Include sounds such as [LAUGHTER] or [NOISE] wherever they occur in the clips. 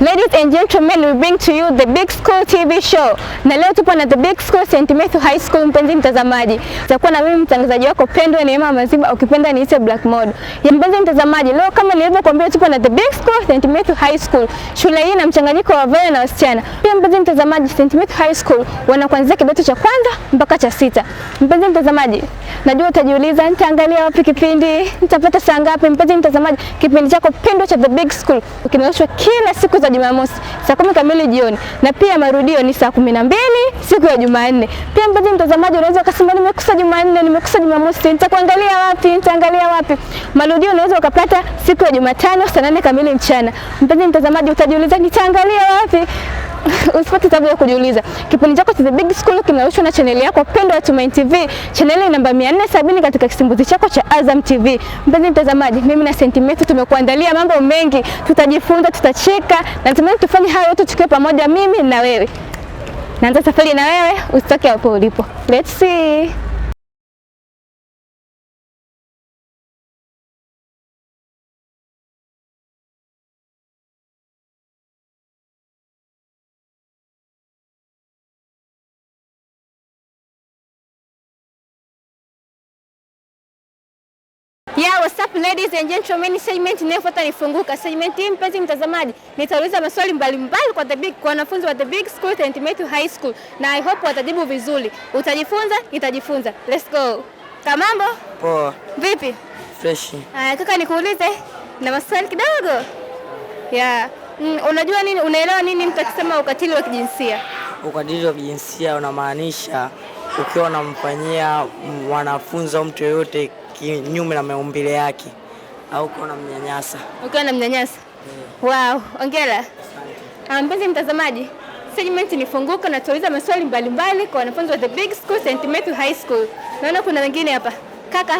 Ladies and gentlemen, we bring to you the Big School TV show. Na leo tupo na the Big School St. Matthew High School mpenzi mtazamaji. Tutakuwa na mimi mtangazaji wako pendwa Neema Maziba, ukipenda niite Black Mode. Ya mpenzi mtazamaji, leo kama nilivyokuambia tupo na the Big School St. Matthew High School. Shule hii ina mchanganyiko wa wavulana na wasichana. Pia mpenzi mtazamaji, St. Matthew High School wana kuanzia kidato cha kwanza mpaka cha sita. Mpenzi mtazamaji, najua utajiuliza nitaangalia wapi kipindi, nitapata saa ngapi? Mpenzi mtazamaji, kipindi chako pendwa cha the Big School kinaoshwa kila siku za ya Jumamosi saa kumi kamili jioni na pia marudio ni saa kumi na mbili siku ya Jumanne. Pia mpenzi mtazamaji, unaweza ukasema nimekosa Jumanne, nimekosa Jumamosi, nitakuangalia wapi? Nitaangalia wapi? Marudio unaweza ukapata siku ya Jumatano saa nane kamili mchana. Mpenzi mtazamaji, utajiuliza nitaangalia wapi? usipate tabu ya kujiuliza. Kipindi chako cha The Big School kinarushwa na chaneli yako pendwa ya Tumaini TV, chaneli namba 470 katika kisimbuzi chako cha Azam TV. Mpenzi mtazamaji, mimi na Sentimento tumekuandalia mambo mengi, tutajifunza, tutacheka na natumai tufanye hayo yote tukiwa pamoja, mimi na wewe. Naanza safari na wewe, usitoke hapo ulipo. Let's see. Yeah, what's up ladies and gentlemen, segment inayofuata nifunguka. Segment hii mpenzi mtazamaji, nitauliza maswali mbalimbali kwa the big kwa wanafunzi wa the big school Tentimetu High School na I hope watajibu vizuri. Utajifunza, nitajifunza. Let's go. Kamambo? Poa. Vipi? Fresh. Ah, kaka nikuulize na maswali kidogo. Yeah. Mm, unajua nini, unaelewa nini mtu akisema ukatili wa kijinsia? Ukatili wa kijinsia unamaanisha ukiwa unamfanyia mwanafunzi au mtu yoyote kinyume na maumbile yake au uko na mnyanyasa. Ukiwa na mnyanyasa? Yeah. Wow, hongera. Ah, mpenzi mtazamaji, segment nifunguka na tuuliza maswali mbalimbali kwa wanafunzi wa The Big School St. Matthew High School. Naona kuna wengine hapa. Kaka.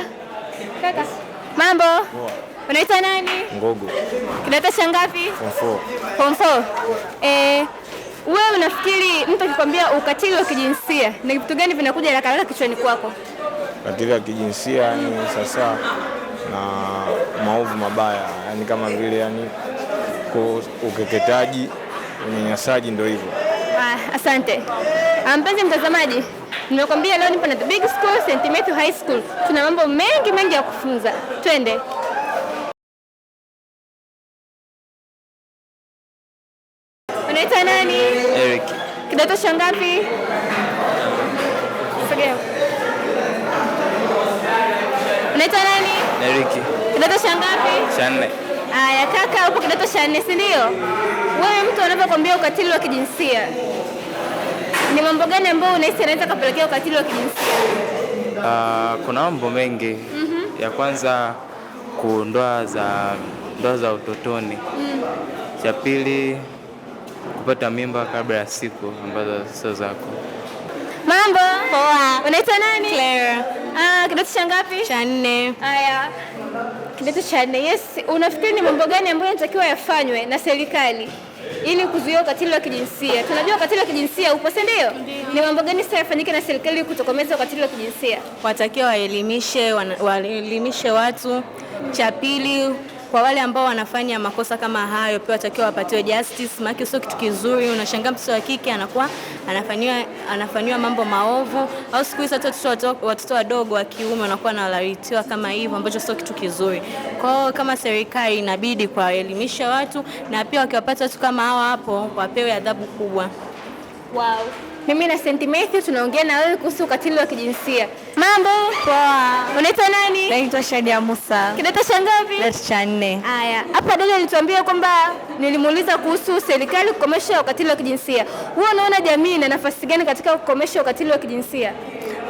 Kaka. Yes. Mambo? Wow. Unaitwa nani? Ngogo. Kidato cha ngapi? Form 4. Form 4. Eh, wewe unafikiri mtu akikwambia ukatili wa kijinsia ni kitu gani vinakuja haraka haraka kichwani kwako? ukatili wa kijinsia yani sasa, na maovu mabaya yani kama vile yani ukeketaji, unyanyasaji, ndio hivyo. Ah, asante ah, mpenzi mtazamaji, nimekwambia leo nipo na The Big School Sentimental High School. Tuna mambo mengi mengi ya kufunza, twende. Unaitwa nani? Eric. Kidato cha ngapi? Sogea. Unaitwa nani? Dariki. Kidato cha ngapi? Cha nne. Aya, kaka upo kidato cha nne, si ndio? Wewe mtu anapokuambia ukatili wa kijinsia ni mambo gani ambayo unahisi anaweza kapelekea ukatili wa kijinsia? Uh, kuna mambo mengi mm -hmm. Ya kwanza kundoa za ndoa za utotoni mm. Cha pili kupata mimba kabla ya siku ambazo sio zako. Mambo poa. Unaitwa nani? Clara. Ah, kidato cha ngapi? Cha nne. Haya. Kidato cha nne. Yes, unafikiri ni mambo gani ambayo yanatakiwa yafanywe na serikali ili kuzuia ukatili wa kijinsia? Tunajua ukatili wa kijinsia upo, si ndio? Ni mambo gani sasa yafanyike na serikali kutokomeza ukatili wa kijinsia? Watakiwa waelimishe, waelimishe watu. Cha pili kwa wale ambao wanafanya makosa kama hayo pia watakiwa wapatiwe justice, maana sio kitu kizuri. Unashangaa mtoto wa kike anakuwa anafanywa anafanywa mambo maovu, au siku hizi hata watoto wadogo wa kiume wanakuwa analawitiwa kama hivyo, ambacho sio kitu kizuri. Kwa hiyo kama serikali inabidi kuwaelimisha watu, na pia wakiwapata watu kama hawa hapo wapewe adhabu kubwa. Wow. Mimi na Senti Matthew tunaongea na wewe kuhusu ukatili wa kijinsia. Mambo poa. Unaitwa nani? Naitwa Shadia Musa. Kidato cha ngapi? Kidato cha nne. Haya, hapa dada nituambia kwamba nilimuuliza kuhusu serikali kukomesha ukatili wa kijinsia. Wewe unaona jamii ina nafasi gani katika kukomesha ukatili wa kijinsia?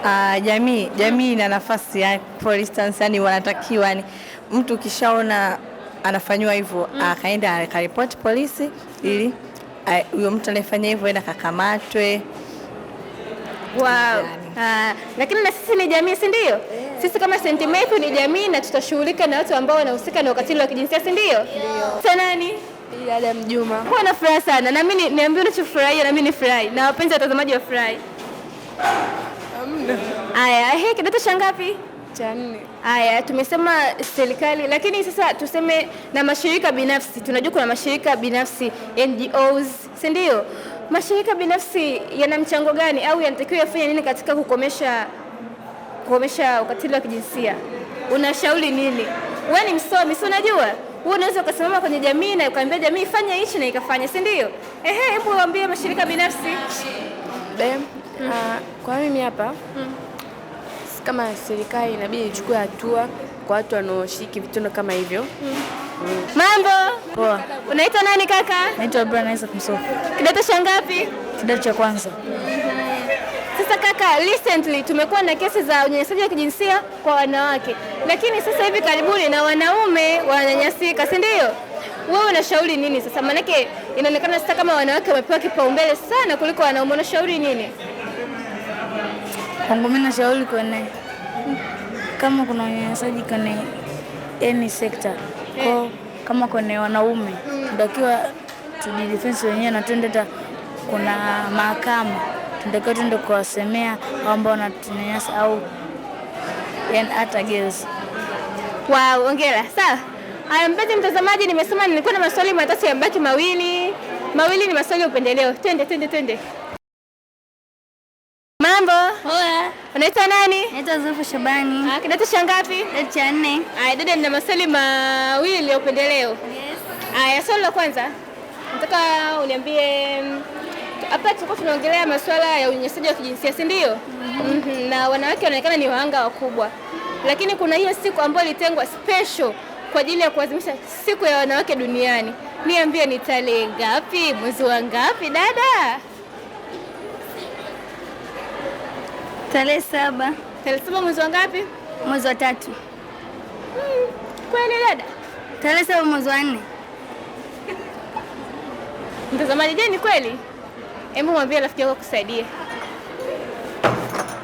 Uh, jamii jamii ina nafasi ya for instance, yani wanatakiwa yani mtu ukishaona anafanyiwa hivyo mm, akaenda akaripoti polisi ili eh, huyo mtu anayefanya hivyo aenda kakamatwe wow. Ah, lakini na sisi ni jamii, si ndio? Yeah. Sisi kama SENTIMEF ni jamii na tutashughulika na watu ambao wanahusika na ukatili wa kijinsia, si ndio? Yeah. sanani Mjuma. Kwa na furaha sana. Na mimi niambie unachofurahia na mimi nifurahi. Na wapenzi watazamaji furahi Amna. Aya, he kidato cha ngapi? Cha nne. Aya, tumesema serikali lakini sasa tuseme na mashirika binafsi. Tunajua kuna mashirika binafsi NGOs, si ndio? mashirika binafsi yana mchango gani au yanatakiwa yafanye nini katika kukomesha kukomesha ukatili wa kijinsia? Unashauri nini? Wewe ni msomi, si unajua wewe unaweza ukasimama kwenye jamii na ukaambia jamii fanya hichi na ikafanya, si ndio? Ehe, hebu waambie mashirika binafsi. Dem, mm. Uh, kwa mimi hapa mm. Kama serikali inabidi ichukue hatua kwa watu wanaoshiriki vitendo kama hivyo mm. Mambo. Poa. Unaitwa nani kaka? Naitwa Brian Isaac Msofu. Kidato cha ngapi? Kidato cha kwanza. Sasa kaka, recently tumekuwa na kesi za unyanyasaji wa kijinsia kwa wanawake, lakini sasa hivi karibuni na wanaume wananyanyasika, si ndio? Wewe unashauri nini sasa? Maanake inaonekana sasa kama wanawake wamepewa kipaumbele sana kuliko wanaume, unashauri nini? Kwangu mimi nashauri kwenye kama kuna unyanyasaji kwenye any sector kwa kama kwenye wanaume tunatakiwa tujidefense wenyewe na tuende hata kuna mahakama, tunatakiwa tuende kuwasemea ambao wanatunyanyasa au hata girls. Wow, ongera Sawa. Haya, mpenzi mtazamaji, nimesema nilikuwa na maswali matatu ya mbaki mawili. Mawili ni maswali ya upendeleo. Twende, twende, twende. Unaitwa nani? Naitwa Zufu Shabani. Ah, kidato cha ngapi? Kidato cha nne. Aya, dada nina maswali mawili ya upendeleo. Yes. Aya, swali la kwanza nataka uniambie hapa tulikuwa tunaongelea masuala ya unyanyasaji wa kijinsia si ndio? mm -hmm. na wanawake wanaonekana ni wahanga wakubwa, lakini kuna hiyo siku ambayo ilitengwa special kwa ajili ya kuadhimisha siku ya wanawake duniani. Niambie, ni tarehe ngapi, mwezi wa ngapi dada? Tarehe saba. Tarehe saba mwezi wa ngapi? Mwezi wa tatu. Hmm. Kweli dada? Tarehe saba mwezi wa nne. Mtazamaji, je, ni kweli? Hebu mwambie rafiki yako kusaidie.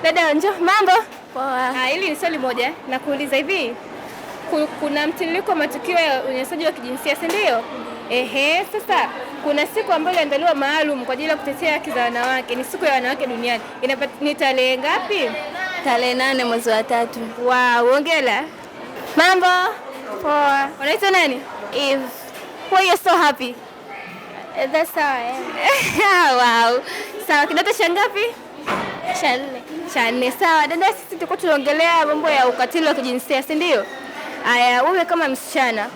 Dada, njoo. Mambo poa. Ah, hili ni swali moja eh. nakuuliza hivi, kuna mtiririko wa matukio ya unyanyasaji wa kijinsia si ndio? Ehe, sasa kuna siku ambayo iliandaliwa maalum kwa ajili ya kutetea haki za wanawake, ni siku ya wanawake duniani. Ni tarehe ngapi? Tarehe nane mwezi wa tatu. Wow, hongera. Mambo poa. Unaitwa nani? Eve. Why you so happy? Eh, that's how I am. [LAUGHS] Wow. Sawa, kidato cha ngapi? Cha nne. Cha nne. Sawa, dada, sisi tuko tunaongelea mambo ya ukatili wa kijinsia, si ndio? Aya, wewe kama msichana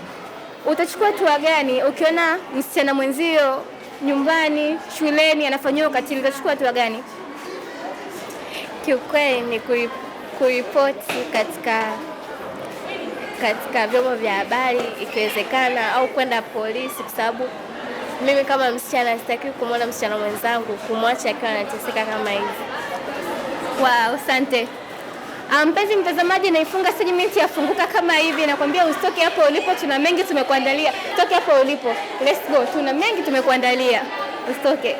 Utachukua hatua gani ukiona msichana mwenzio nyumbani, shuleni anafanyiwa ukatili? Utachukua hatua gani? Kiukweli ni kuripoti katika katika vyombo vya habari ikiwezekana, au kwenda polisi, kwa sababu mimi kama msichana sitaki kumwona msichana mwenzangu kumwacha akiwa anateseka kama hivi. Wow, asante. Ah, mpenzi mtazamaji, naifunga segment ya funguka kama hivi, nakwambia usitoke hapo ulipo, tuna mengi tumekuandalia. Toke hapo ulipo, let's go, tuna mengi tumekuandalia, usitoke.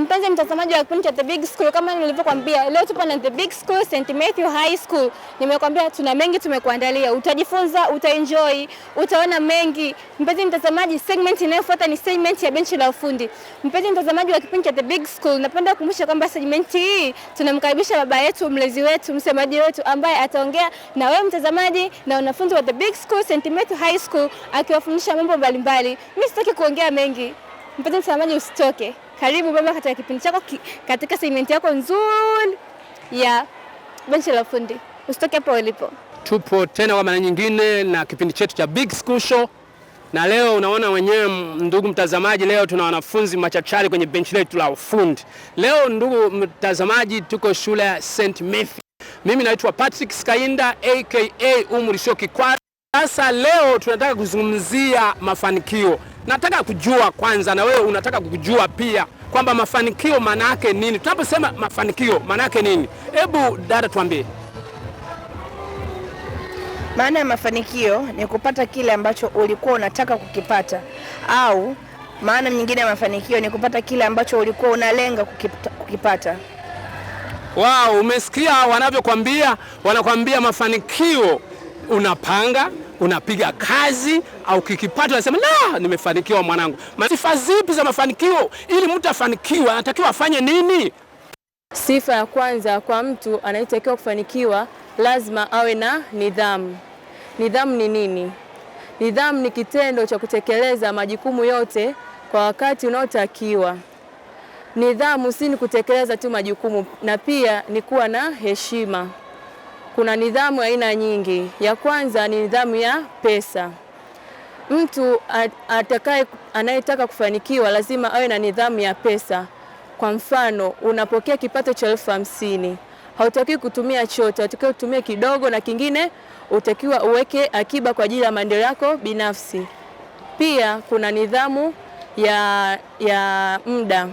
Mpenzi mtazamaji wa kipindi cha The Big School, kama nilivyokuambia, leo tupo na The Big School St Matthew High School. Nimekuambia tuna mengi tumekuandalia, utajifunza, utaenjoy, utaona mengi. Mpenzi mtazamaji, segment inayofuata ni segment ya benchi la ufundi. Mpenzi mtazamaji wa kipindi cha The Big School, napenda kukumbusha kwamba segment hii tunamkaribisha baba yetu, mlezi wetu, msemaji wetu ambaye ataongea na wewe mtazamaji na wanafunzi wa The Big School St Matthew High School akiwafundisha mambo mbalimbali. Mimi sitaki kuongea mengi. Mpenzi mtazamaji, usitoke. Karibu baba katika kipindi chako ki, katika segment yako nzuri ya benchi la ufundi. Usitoke hapo ulipo. Tupo tena kwa mara nyingine na kipindi chetu cha Big School Show, na leo unaona wenyewe ndugu mtazamaji, leo tuna wanafunzi machachari kwenye benchi letu la ufundi. Leo ndugu mtazamaji, tuko shule ya St. Mary. Mimi naitwa Patrick Skainda aka Umri Shoki. Kwa sasa leo tunataka kuzungumzia mafanikio nataka kujua kwanza, na wewe unataka kujua pia kwamba mafanikio maana yake nini. Tunaposema mafanikio maana yake nini, hebu dada tuambie. Maana ya mafanikio ni kupata kile ambacho ulikuwa unataka kukipata, au maana nyingine ya mafanikio ni kupata kile ambacho ulikuwa unalenga kukipata. Wao, umesikia wanavyokwambia, wanakwambia mafanikio unapanga unapiga kazi au kikipato unasema la, nimefanikiwa mwanangu. Sifa zipi za mafanikio? Ili mtu afanikiwe anatakiwa afanye nini? Sifa ya kwanza kwa mtu anayetakiwa kufanikiwa lazima awe na nidhamu. Nidhamu ni nini? Nidhamu ni kitendo cha kutekeleza majukumu yote kwa wakati unaotakiwa. Nidhamu si ni kutekeleza tu majukumu, na pia ni kuwa na heshima kuna nidhamu aina nyingi. Ya kwanza ni nidhamu ya pesa. Mtu atakaye anayetaka kufanikiwa lazima awe na nidhamu ya pesa. Kwa mfano, unapokea kipato cha elfu hamsini hautakiwi kutumia chote, hautakiwi kutumia kidogo, na kingine utakiwa uweke akiba kwa ajili ya maendeleo yako binafsi. Pia kuna nidhamu ya, ya muda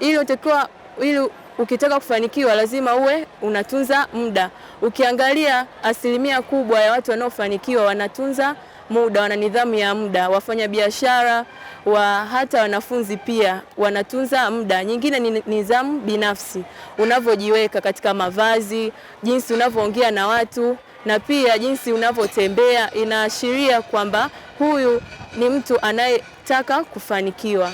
ili utakiwa ili ukitaka kufanikiwa lazima uwe unatunza muda. Ukiangalia asilimia kubwa ya watu wanaofanikiwa wanatunza muda, wana nidhamu ya muda. biashara wa hata wanafunzi pia wanatunza muda. Nyingine ni nidhamu binafsi, unavyojiweka katika mavazi, jinsi unavyoongea na watu na pia jinsi unavyotembea inaashiria kwamba huyu ni mtu anayetaka kufanikiwa.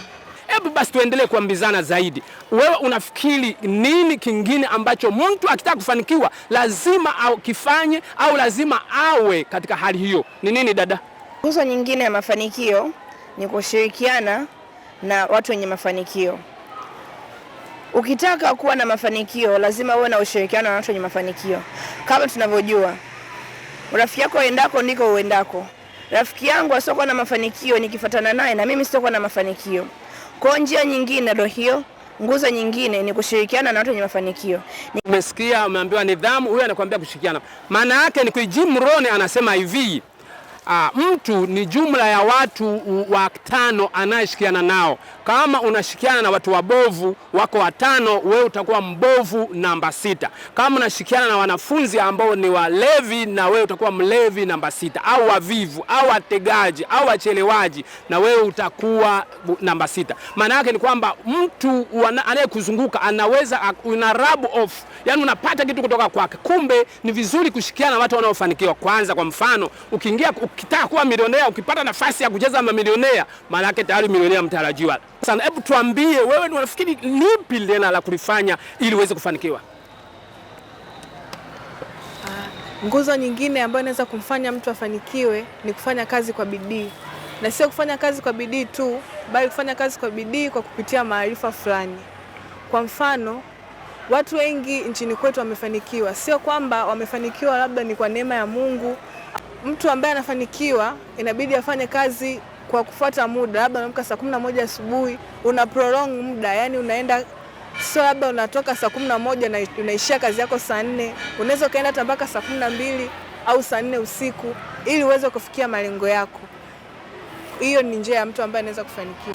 Hebu basi tuendelee kuambizana zaidi. Wewe unafikiri nini kingine ambacho mtu akitaka kufanikiwa lazima akifanye au lazima awe katika hali hiyo? Ni nini dada? Nguzo nyingine ya mafanikio ni kushirikiana na watu wenye mafanikio. Ukitaka kuwa na mafanikio lazima uwe na ushirikiano na watu wenye mafanikio. Kama tunavyojua, rafiki yako endako ndiko uendako. Rafiki yangu asiokuwa na mafanikio nikifuatana naye na mimi sitokuwa na mafanikio. Kwa njia nyingine ndio hiyo, nguzo nyingine ni kushirikiana na watu wenye mafanikio. Umesikia, umeambiwa nidhamu, huyu anakuambia kushirikiana, maana yake ni Jim Rohn anasema hivi Aa, ah, mtu ni jumla ya watu watano anayeshikiana nao. Kama unashikiana na watu wabovu wako watano, wewe utakuwa mbovu namba sita. Kama unashikiana na wanafunzi ambao ni walevi, na wewe utakuwa mlevi namba sita, au wavivu au wategaji au wachelewaji, na wewe utakuwa namba sita. Maana yake ni kwamba mtu anayekuzunguka anaweza una rub off, yani unapata kitu kutoka kwake. Kumbe ni vizuri kushikiana na watu wanaofanikiwa kwanza. Kwa mfano ukiingia ukitaka kuwa milionea, ukipata nafasi ya kucheza mamilionea, maana yake tayari milionea mtarajiwa Sasa Hebu tuambie wewe, unafikiri lipi tena la kulifanya ili uweze kufanikiwa? Uh, nguzo nyingine ambayo inaweza kumfanya mtu afanikiwe ni kufanya kazi kwa bidii, na sio kufanya kazi kwa bidii tu, bali kufanya kazi kwa bidii kwa kupitia maarifa fulani. Kwa mfano watu wengi nchini kwetu wamefanikiwa, sio kwamba wamefanikiwa labda ni kwa neema ya Mungu mtu ambaye anafanikiwa inabidi afanye kazi kwa kufuata muda, labda unaamka saa kumi na moja asubuhi una prolong muda, yani unaenda sio, labda unatoka saa kumi na moja na unaishia kazi yako saa nne, unaweza ukaenda hata mpaka saa kumi na mbili au saa nne usiku ili uweze kufikia malengo yako. Hiyo ni njia ya mtu ambaye anaweza kufanikiwa.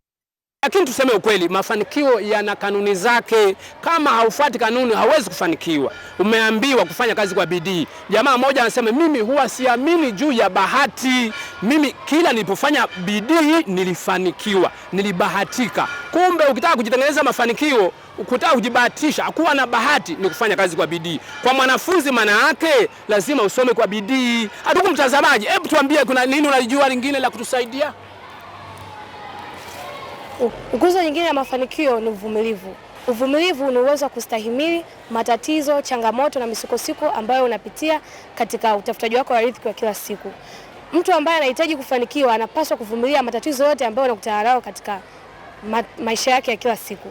Lakini tuseme ukweli, mafanikio yana kanuni zake. Kama haufuati kanuni, hauwezi kufanikiwa. Umeambiwa kufanya kazi kwa bidii. Jamaa mmoja anasema, mimi huwa siamini juu ya bahati, mimi kila nilipofanya bidii nilifanikiwa, nilibahatika. Kumbe ukitaka kujitengeneza mafanikio, ukitaka kujibahatisha, hakuwa na bahati, ni kufanya kazi kwa bidii. Kwa mwanafunzi, maana yake lazima usome kwa bidii. Ndugu mtazamaji, hebu tuambie, kuna nini unalijua lingine la kutusaidia? Nguzo nyingine ya mafanikio ni uvumilivu. Uvumilivu ni uwezo wa kustahimili matatizo, changamoto na misukosuko ambayo unapitia katika utafutaji wako wa riziki wa kila siku. Mtu ambaye anahitaji kufanikiwa anapaswa kuvumilia matatizo yote ambayo anakutana nayo katika ma maisha yake ya kila siku.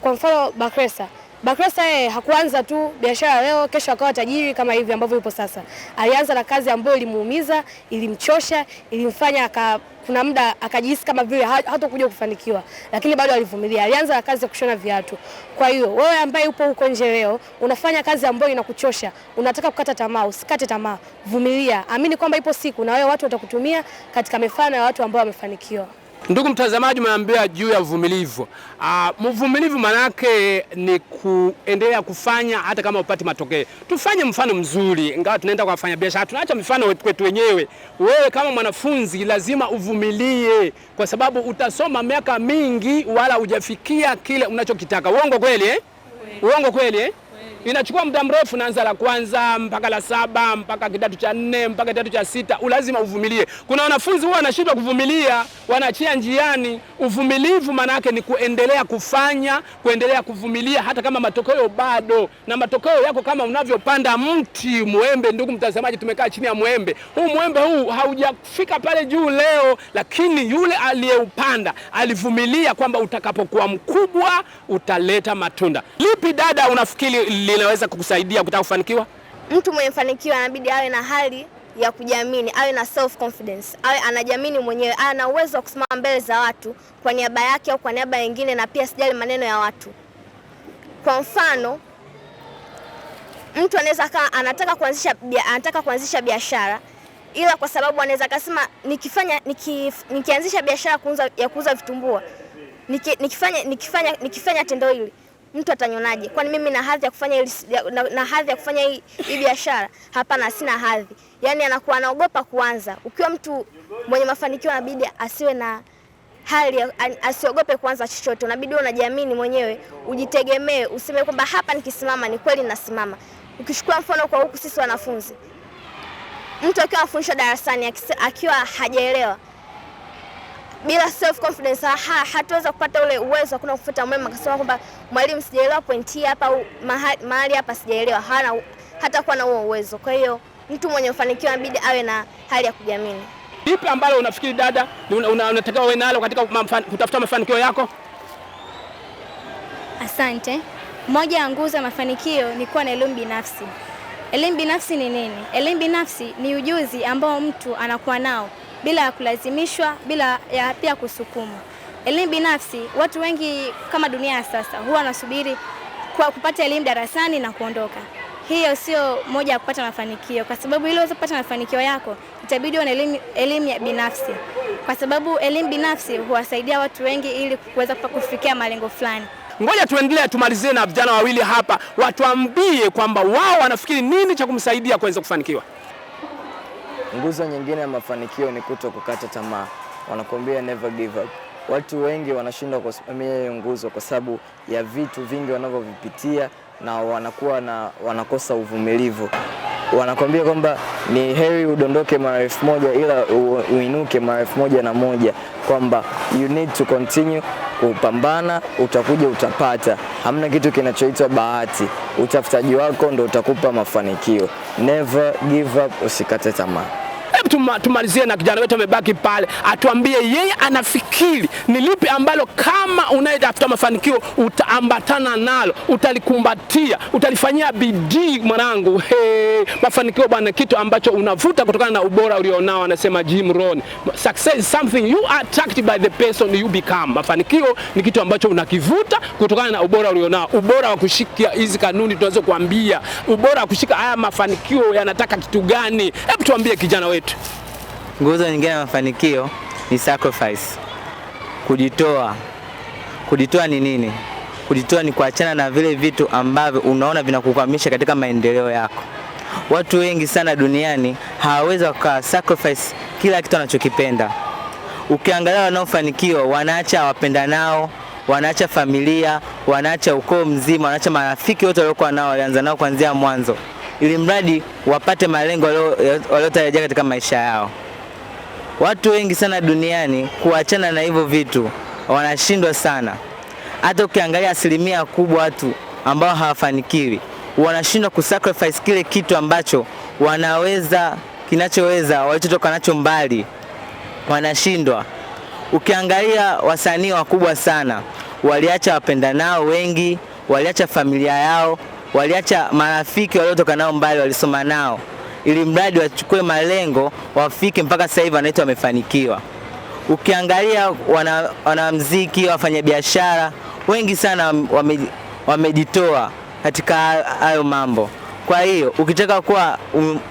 Kwa mfano Bakresa Bakresa yeye eh, hakuanza tu biashara leo kesho akawa tajiri kama hivi ambavyo yupo sasa. Alianza na kazi ambayo ilimuumiza, ilimchosha, ilimfanya aka kuna muda akajihisi kama vile hatokuja kufanikiwa, lakini bado alivumilia. Alianza na kazi ya kushona viatu. Kwa hiyo wewe ambaye upo huko nje leo unafanya kazi ambayo inakuchosha, unataka kukata tamaa, usikate tamaa, vumilia, amini kwamba ipo siku na wewe watu watakutumia katika mifano ya watu ambao wamefanikiwa. Ndugu mtazamaji, umeambia juu ya uvumilivu. Ah, mvumilivu manake ni kuendelea kufanya hata kama upati matokeo. Tufanye mfano mzuri, ingawa tunaenda kwa wafanya biashara, tunaacha mifano kwetu wenyewe. Wewe kama mwanafunzi lazima uvumilie, kwa sababu utasoma miaka mingi wala hujafikia kile unachokitaka. Uongo kweli eh? Uongo kweli eh? inachukua muda mrefu, naanza la kwanza mpaka la saba mpaka kidato cha nne mpaka kidato cha sita. Lazima uvumilie. Kuna wanafunzi huwa wanashindwa kuvumilia, wanaachia njiani. Uvumilivu maana yake ni kuendelea kufanya, kuendelea kuvumilia, hata kama matokeo bado, na matokeo yako kama unavyopanda mti mwembe. Ndugu mtazamaji, tumekaa chini ya mwembe huu, mwembe huu haujafika pale juu leo, lakini yule aliyeupanda alivumilia kwamba utakapokuwa mkubwa utaleta matunda. Lipi dada unafikiri linaweza kukusaidia kutaka kufanikiwa? Mtu mwenye mafanikio anabidi awe na hali ya kujiamini, awe na self confidence, awe anajiamini mwenyewe, awe na uwezo wa kusimama mbele za watu kwa niaba yake au kwa niaba nyingine, na pia sijali maneno ya watu. Kwa mfano, mtu anaweza kaa anataka kuanzisha anataka kuanzisha biashara ila kwa sababu anaweza akasema nikifanya niki, nikianzisha biashara ya kuuza vitumbua nikifanya, nikifanya, nikifanya tendo hili mtu atanionaje? Kwani mimi na hadhi ya kufanya ili, na, na hadhi ya kufanya hii biashara? Hapana, sina hadhi. Yaani anakuwa anaogopa kuanza. Ukiwa mtu mwenye mafanikio, anabidi asiwe na hali asiogope kuanza chochote. Unabidi wewe unajiamini mwenyewe, ujitegemee, useme kwamba hapa nikisimama ni kweli nasimama. Ukichukua mfano kwa huku sisi wanafunzi, mtu akiwa anafundishwa darasani akiwa hajaelewa bila self confidence ha, hatuweza kupata ule uwezo kuna kufuta mwema, akasema kwamba mwalimu, sijaelewa point hii hapa au mahali hapa sijaelewa. Hana hatakuwa na huo uwezo. Kwa hiyo mtu mwenye mafanikio inabidi awe na hali ya kujiamini. Lipi ambalo unafikiri dada, unatakiwa uwe nalo katika kutafuta mafanikio yako? Asante. Moja ya nguzo ya mafanikio ni kuwa na elimu binafsi. Elimu binafsi ni nini? Elimu binafsi ni ujuzi ambao mtu anakuwa nao bila ya kulazimishwa, bila ya pia kusukumwa. Elimu binafsi, watu wengi kama dunia ya sasa huwa wanasubiri kwa kupata elimu darasani na kuondoka. Hiyo sio moja ya kupata mafanikio, kwa sababu ili uweze kupata mafanikio yako itabidi uwe na elimu, elimu ya binafsi, kwa sababu elimu binafsi huwasaidia watu wengi ili kuweza kufikia malengo fulani. Ngoja tuendelee, tumalizie na vijana wawili hapa, watuambie kwamba wao wanafikiri nini cha kumsaidia kuweza kufanikiwa. Nguzo nyingine ya mafanikio ni kuto kukata tamaa, wanakuambia never give up. Watu wengi wanashindwa kusimamia hiyo nguzo kwa sababu ya vitu vingi wanavyovipitia na wanakuwa na wanakosa uvumilivu. Wanakwambia kwamba ni heri udondoke mara elfu moja ila uinuke mara elfu moja na moja, kwamba you need to continue kupambana, utakuja utapata. Hamna kitu kinachoitwa bahati, utafutaji wako ndo utakupa mafanikio. Never give up, usikate tamaa. Hebu tumalizie na kijana wetu amebaki pale, atuambie yeye anafikiri ni lipi ambalo kama unayetafuta mafanikio utaambatana nalo, utalikumbatia, utalifanyia bidii. Mwanangu, mafanikio bwana, kitu ambacho unavuta kutokana na ubora ulionao. Anasema Jim Rohn, success is something you are attracted by the person you become. Mafanikio ni kitu ambacho unakivuta kutokana na ubora ulionao. Ubora wa kushika hizi kanuni tunaweza kuambia, ubora wa kushika haya mafanikio yanataka kitu gani? Hebu tuambie kijana wetu kwetu, nguzo nyingine ya mafanikio ni sacrifice, kujitoa. Kujitoa ni nini? Kujitoa ni kuachana na vile vitu ambavyo unaona vinakukwamisha katika maendeleo yako. Watu wengi sana duniani hawawezi waka sacrifice kila kitu wanachokipenda. Ukiangalia wanaofanikiwa wanaacha wapenda nao, wanaacha familia, wanaacha ukoo mzima, wanaacha marafiki wote waliokuwa nao, walianza nao kuanzia mwanzo ili mradi wapate malengo waliotarajia katika maisha yao. Watu wengi sana duniani kuachana na hivyo vitu wanashindwa sana. Hata ukiangalia asilimia kubwa watu ambao hawafanikiwi wanashindwa kusacrifice kile kitu ambacho wanaweza kinachoweza walichotoka nacho mbali, wanashindwa. Ukiangalia wasanii wakubwa sana waliacha wapenda nao wengi, waliacha familia yao, waliacha marafiki waliotoka nao mbali, walisoma nao, ili mradi wachukue malengo wafike mpaka sasa hivi wanaitwa wamefanikiwa. Ukiangalia wana, wafanya wafanyabiashara wengi sana wamejitoa wame katika hayo mambo. Kwa hiyo ukitaka kuwa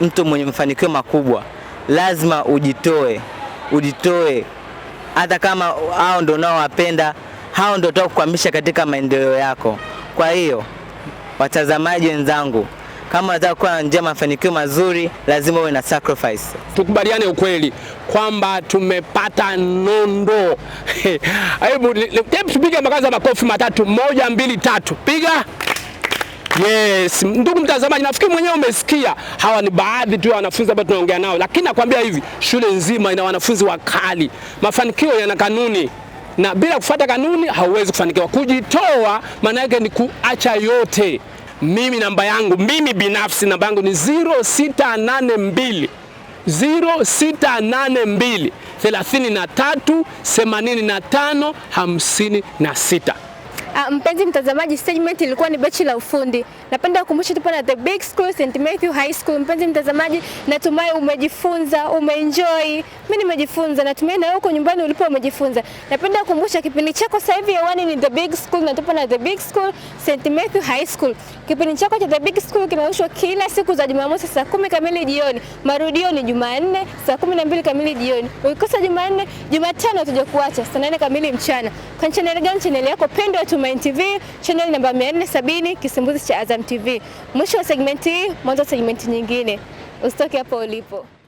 mtu mwenye mafanikio makubwa, lazima ujitoe, ujitoe hata kama hao ndio unaowapenda, hao ndio watakukwamisha katika maendeleo yako. Kwa hiyo watazamaji wenzangu, kama unataka kuwa njia mafanikio mazuri, lazima uwe na sacrifice. Tukubaliane ukweli kwamba tumepata nondo. Hebu tupige makaza makofi matatu, moja, mbili, tatu, piga. Yes, ndugu mtazamaji, nafikiri mwenyewe umesikia. Hawa ni baadhi tu ya wanafunzi ambao tunaongea nao, lakini nakwambia hivi, shule nzima ina wanafunzi wakali. Mafanikio yana kanuni na bila kufuata kanuni hauwezi kufanikiwa. Kujitoa maana yake ni kuacha yote. Mimi namba yangu mimi binafsi namba yangu ni 0682 0682 33 85 56 Uh, mpenzi mtazamaji, segment ilikuwa ni bechi la ufundi. Napenda kukumbusha tupo na The Big School St Matthew High School. Mpenzi mtazamaji, natumai umejifunza, umeenjoy. Mimi nimejifunza, natumai na wewe uko nyumbani ulipo umejifunza. Napenda kukumbusha kipindi chako sasa hivi hewani ni The Big School na tupo na The Big School St Matthew High School. Kipindi chako cha The Big School kinarushwa kila siku za Jumamosi saa kumi kamili jioni. Marudio ni Jumanne saa kumi na mbili kamili jioni. Ukikosa Jumanne, Jumatano tutakuacha saa nane kamili mchana. Kwa channel gani channel yako pendwa tu Tumaini TV channel namba 470 kisimbuzi cha Azam TV. Mwisho wa segmenti hii, mwanzo wa segmenti nyingine. Usitoke hapo ulipo.